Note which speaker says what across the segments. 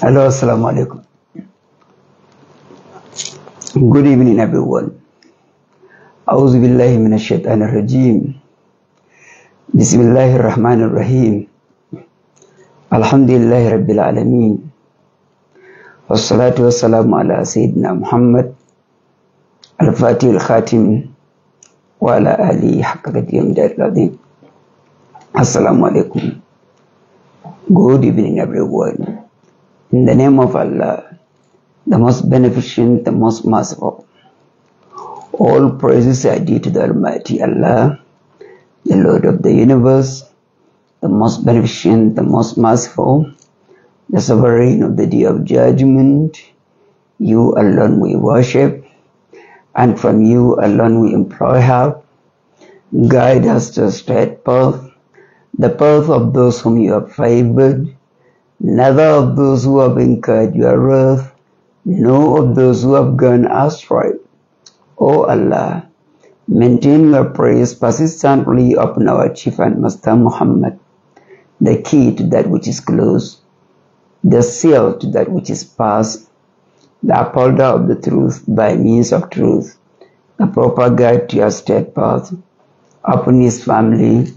Speaker 1: Hello, Assalamu alaikum. Good evening,
Speaker 2: everyone. أعوذ بالله من الشيطان الرجيم بسم الله الرحمن الرحيم الحمد لله رب العالمين والصلاة والسلام على سيدنا محمد الفاتح الخاتم وعلى آله حق قديم دار العظيم السلام عليكم Good evening everyone In the name of Allah the most beneficent the most merciful All praises are due to the Almighty Allah, the Lord of the universe, the most beneficent, the most merciful, the sovereign of the day of judgment. You alone we worship, and from you alone we implore help. Guide us to a straight path, the path of those whom you have favored, neither of those who have incurred your wrath, nor of those who have gone astray. O Allah, maintain your praise persistently upon our Chief and Master Muhammad, the key to that which is closed, the seal to that which is past, the upholder of the truth by means of truth, the proper guide to your steadfast, upon his family,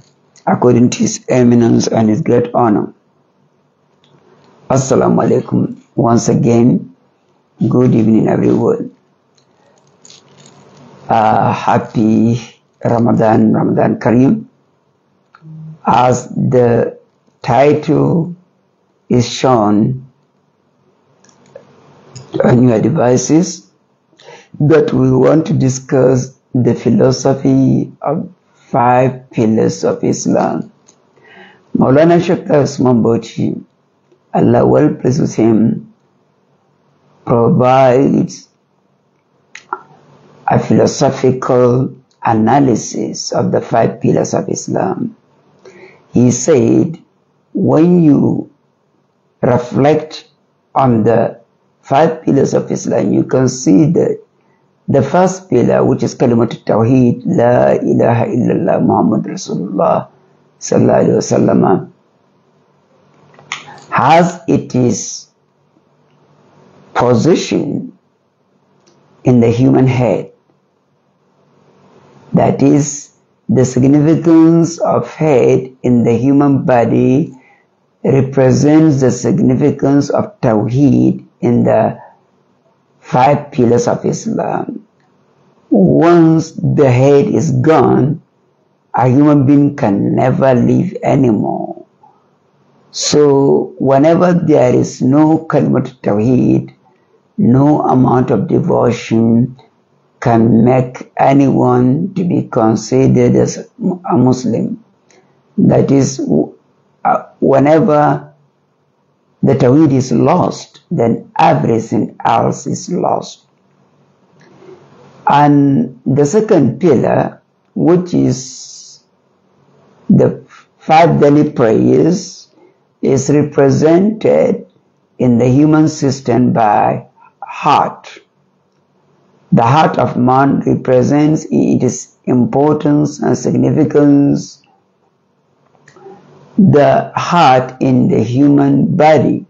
Speaker 2: according to his eminence and his great honor. Assalamu alaikum. Once again, good evening, everyone uh, happy Ramadan, Ramadan Kareem. As the title is shown on uh, your devices, but we want to discuss the philosophy of five pillars of Islam. Maulana Shakta Usman Bochi, Allah well pleased with him, provides a philosophical analysis of the five pillars of Islam. He said, when you reflect on the five pillars of Islam, you can see that the first pillar, which is Kalimat Tawheed, La ilaha illallah Muhammad Rasulullah sallallahu alaihi has it is position in the human head that is, the significance of head in the human body represents the significance of Tawheed in the five pillars of Islam. Once the head is gone, a human being can never live anymore. So, whenever there is no kalimat Tawheed, no amount of devotion can make anyone to be considered as a Muslim. That is, uh, whenever the Tawhid is lost, then everything else is lost. And the second pillar, which is the five daily prayers, is represented in the human system by heart. The heart of man represents its importance and significance. The heart in the human body.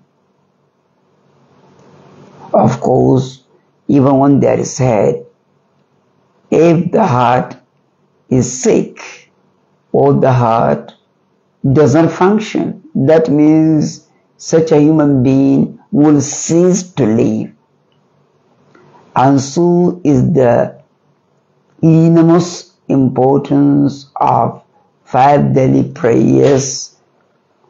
Speaker 2: Of course, even when there is head, if the heart is sick or the heart does not function, that means such a human being will cease to live. Ansu is the enormous importance of five daily prayers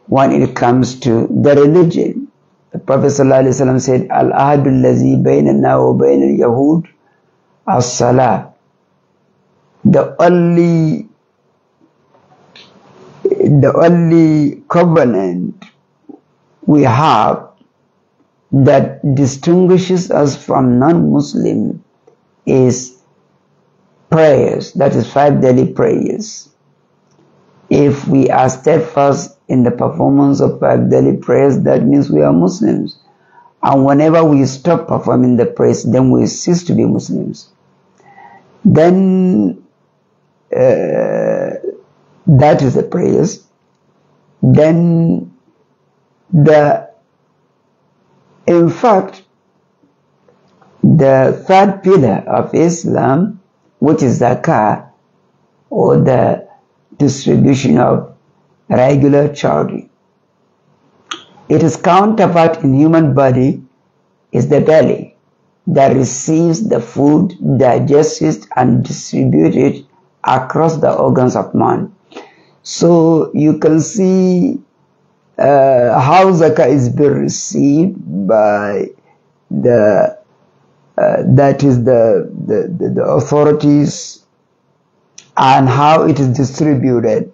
Speaker 2: when it comes to the religion. The Prophet ﷺ said, Al-Ahadu lazi baynana wa al-Yahud
Speaker 1: as-Salah. The only, the only covenant we have
Speaker 2: that distinguishes us from non-Muslim is prayers, that is five daily prayers. If we are steadfast in the performance of five daily prayers, that means we are Muslims. And whenever we stop performing the prayers, then we cease to be Muslims. Then uh, that is the prayers. Then the in fact, the third pillar of Islam, which is zakah, or the distribution of regular charity. It is counterpart in human body is the belly that receives the food, digests it, and distributes it across the organs of man.
Speaker 1: So you can see how uh, zakah is being received by the uh, that is the, the, the, the, authorities and how it is distributed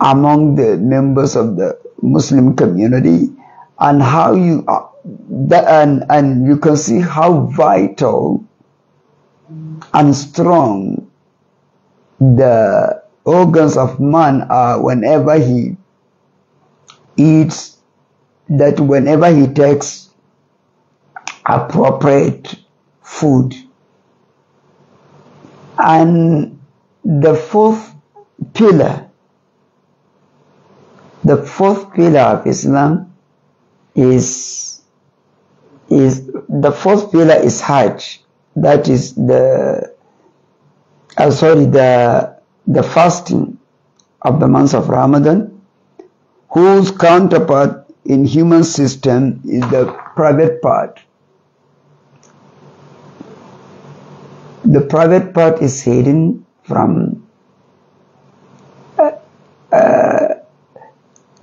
Speaker 1: among the members of the Muslim community and how you uh, and, and you can see how vital and strong the organs of man are whenever he it's that whenever he takes appropriate food.
Speaker 2: And the fourth pillar, the fourth pillar of Islam is, is the fourth pillar is Hajj. That is the, uh, sorry, the, the fasting
Speaker 1: of the month of Ramadan whose counterpart in human system is the private part. The private part is hidden from uh,
Speaker 2: uh,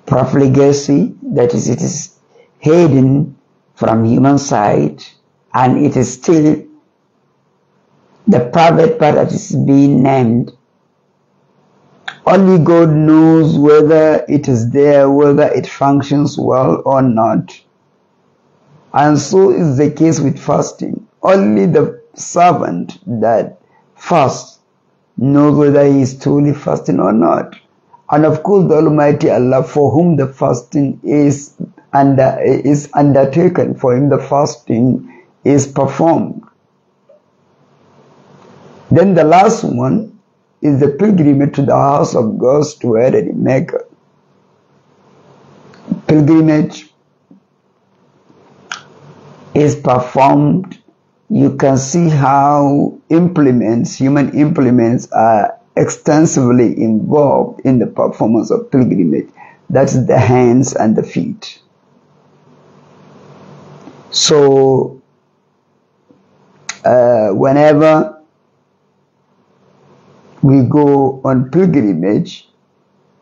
Speaker 2: profligacy, that is, it is hidden from human sight, and it is still the private part that is being named
Speaker 1: only God knows whether it is there, whether it functions well or not. And so is the case with fasting. Only the servant that fasts knows whether he is truly fasting or not. And of course, the Almighty Allah, for whom the fasting is under is undertaken, for him the fasting is performed. Then the last one is the pilgrimage to the house of God's to heredit maker. Pilgrimage is performed. You can see how implements, human implements, are extensively involved in the performance of pilgrimage. That's the hands and the feet. So, uh, whenever we go on pilgrimage,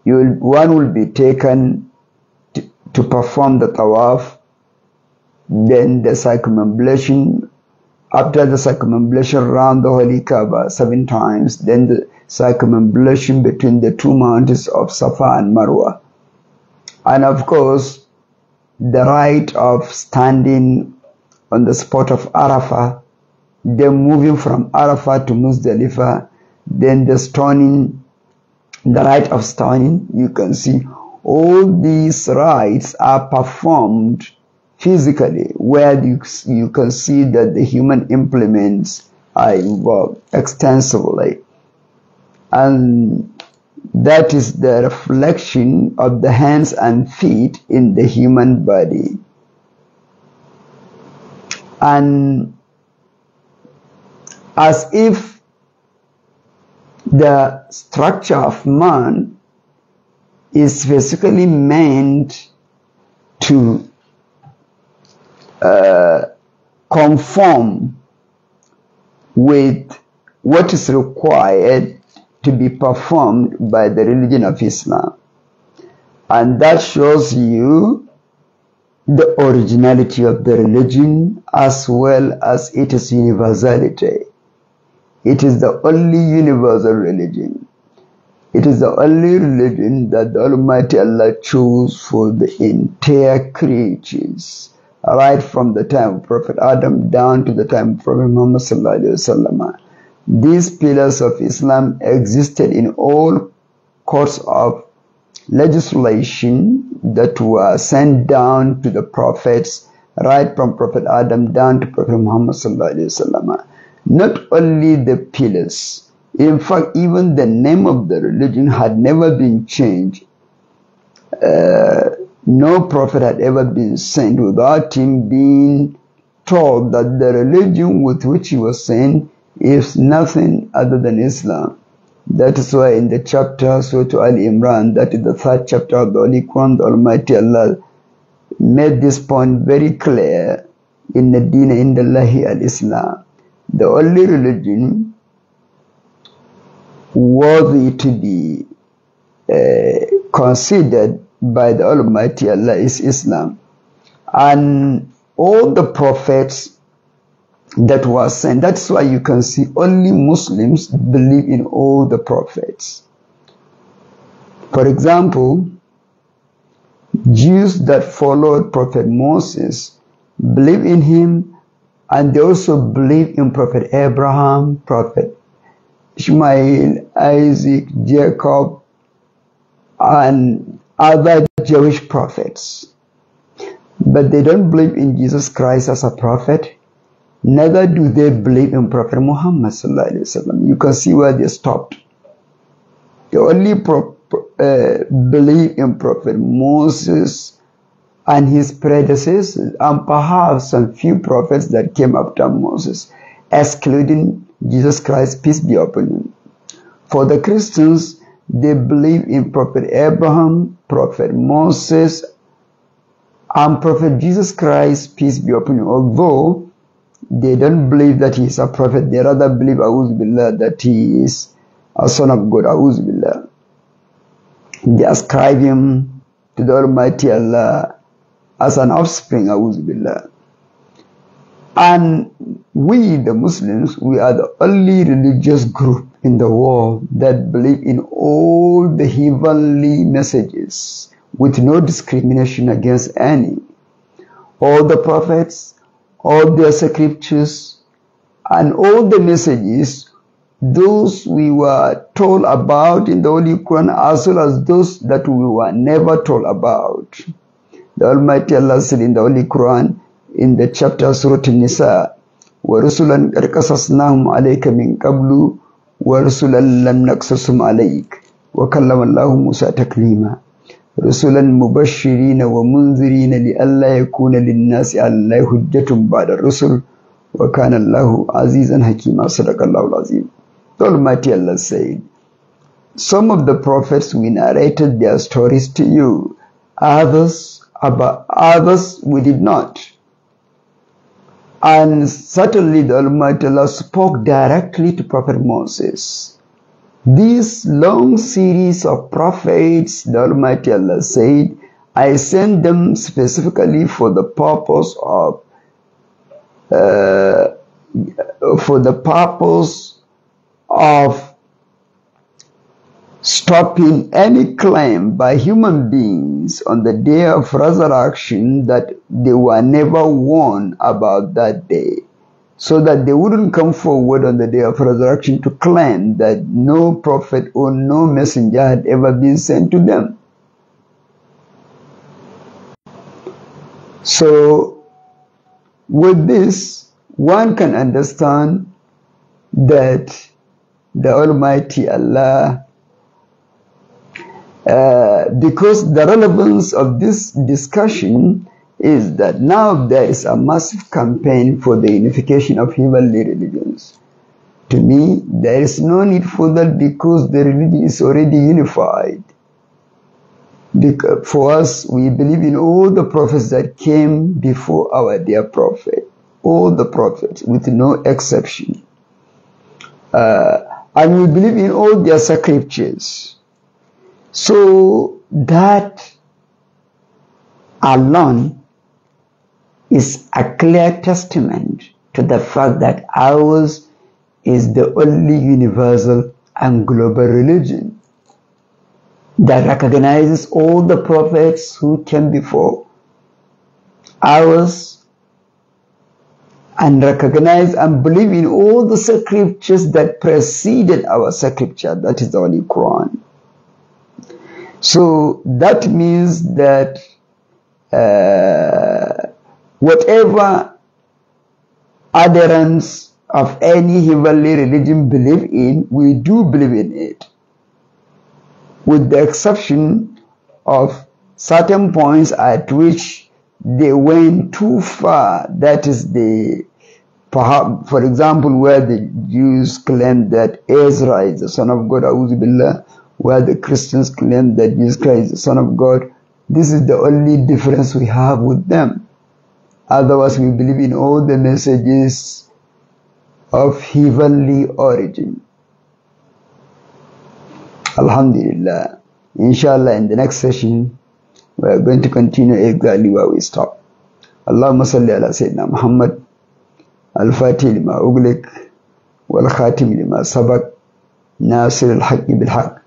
Speaker 1: will, one will be taken to, to perform the tawaf, then the circumambulation. After the circumambulation, around the holy Kaaba seven times, then the circumambulation between the two mountains of Safa and Marwa. And of course, the right of standing on the spot of Arafah, then moving from Arafah to Muzdalifah, then the stoning the rite of stoning you can see all these rites are performed physically where you, you can see that the human implements are involved extensively and that is the reflection of the hands and feet in the human body and as if the structure of man is basically meant to uh, conform with what is required to be performed by the religion of Islam. And that shows you the originality of the religion as well as its universality. It is the only universal religion. It is the only religion that the Almighty Allah chose for the entire creatures, right from the time of Prophet Adam down to the time of Prophet Muhammad These pillars of Islam existed in all courts of legislation that were sent down to the prophets, right from Prophet Adam down to Prophet Muhammad not only the pillars, in fact, even the name of the religion had never been changed. Uh, no prophet had ever been sent without him being told that the religion with which he was sent is nothing other than Islam. That is why in the chapter to Ali Imran, that is the third chapter of the Holy Quran, the Almighty Allah made this point very clear in the Dina in the Lahi al Islam. The only religion worthy to be uh, considered by the Almighty Allah is Islam. And all the prophets that were sent, that's why you can see only Muslims believe in all the prophets. For example, Jews that followed Prophet Moses believe in him and they also believe in Prophet Abraham, Prophet Ishmael, Isaac, Jacob, and other Jewish prophets. But they don't believe in Jesus Christ as a prophet, neither do they believe in Prophet Muhammad. You can see where they stopped. They only pro- uh, believe in Prophet Moses, and his predecessors, and perhaps some few prophets that came after Moses, excluding Jesus Christ, peace be upon him. For the Christians, they believe in Prophet Abraham, Prophet Moses, and Prophet Jesus Christ, peace be upon him. Although they don't believe that he is a prophet, they rather believe Auzubillah, that he is a son of God, Auzubillah. They ascribe him to the Almighty Allah as an offspring, Billah. And we, the Muslims, we are the only religious group in the world that believe in all the heavenly messages with no discrimination against any. All the prophets, all their scriptures, and all the messages, those we were told about in the Holy Quran, as well as those that we were never told about. The Almighty Allah said in the Holy Quran, in the chapter Surah nisa وَرُسُلًا أَرْقَصَصْنَاهُمْ عَلَيْكَ مِنْ قَبْلُ وَرُسُلًا لَمْ نَقْصَصُمْ عَلَيْكَ وَكَلَّمَ اللَّهُ مُوسَى تَكْلِيمًا رُسُلًا مُبَشِّرِينَ وَمُنذِرِينَ لِئَلَّا يَكُونَ لِلنَّاسِ عَلَى اللَّهِ حُجَّةٌ بَعْدَ الرُّسُلِ وَكَانَ اللَّهُ عَزِيزًا حَكِيمًا صدق الله العظيم The Almighty Allah said, Some of the prophets we narrated their stories to you, others but others we did not. And certainly the Almighty Allah spoke directly to Prophet Moses. This long series of prophets, the Almighty Allah said, I sent them specifically for the purpose of, uh, for the purpose of stopping any claim by human beings on the day of resurrection that they were never warned about that day, so that they wouldn't come forward on the day of resurrection to claim that no prophet or no messenger had ever been sent to them. So, with this, one can understand that the Almighty Allah uh, because the relevance of this discussion is that now there is a massive campaign for the unification of heavenly religions. To me, there is no need for that because the religion is already unified. Because for us, we believe in all the prophets that came before our dear prophet, all the prophets, with no exception. Uh, and we believe in all their scriptures. So that alone
Speaker 2: is a clear testament to the fact that ours
Speaker 1: is the only universal and global religion that recognizes all the prophets who came before ours and recognize and believe in all the scriptures that preceded our scripture, that is the Quran. So that means that uh, whatever adherents of any heavenly religion believe in, we do believe in it, with the exception of certain points at which they went too far. That is the perhaps, for example, where the Jews claimed that Ezra is the son of God, Auzubillah, where the Christians claim that Jesus Christ is the Son of God. This is the only difference we have with them. Otherwise, we believe in all the messages of heavenly origin. Alhamdulillah. Inshallah, in the next session, we are going to continue exactly where we stop. Allahumma salli ala Muhammad, al-Fatih lima محمد wal-Khatim lima sabak, Nasir al ناصر bil بالحق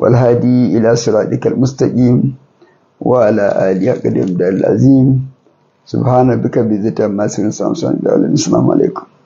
Speaker 1: والهادي إلى صراطك المستقيم وعلى آله قدر العظيم سبحان ربك بذات ما سنسان السلام عليكم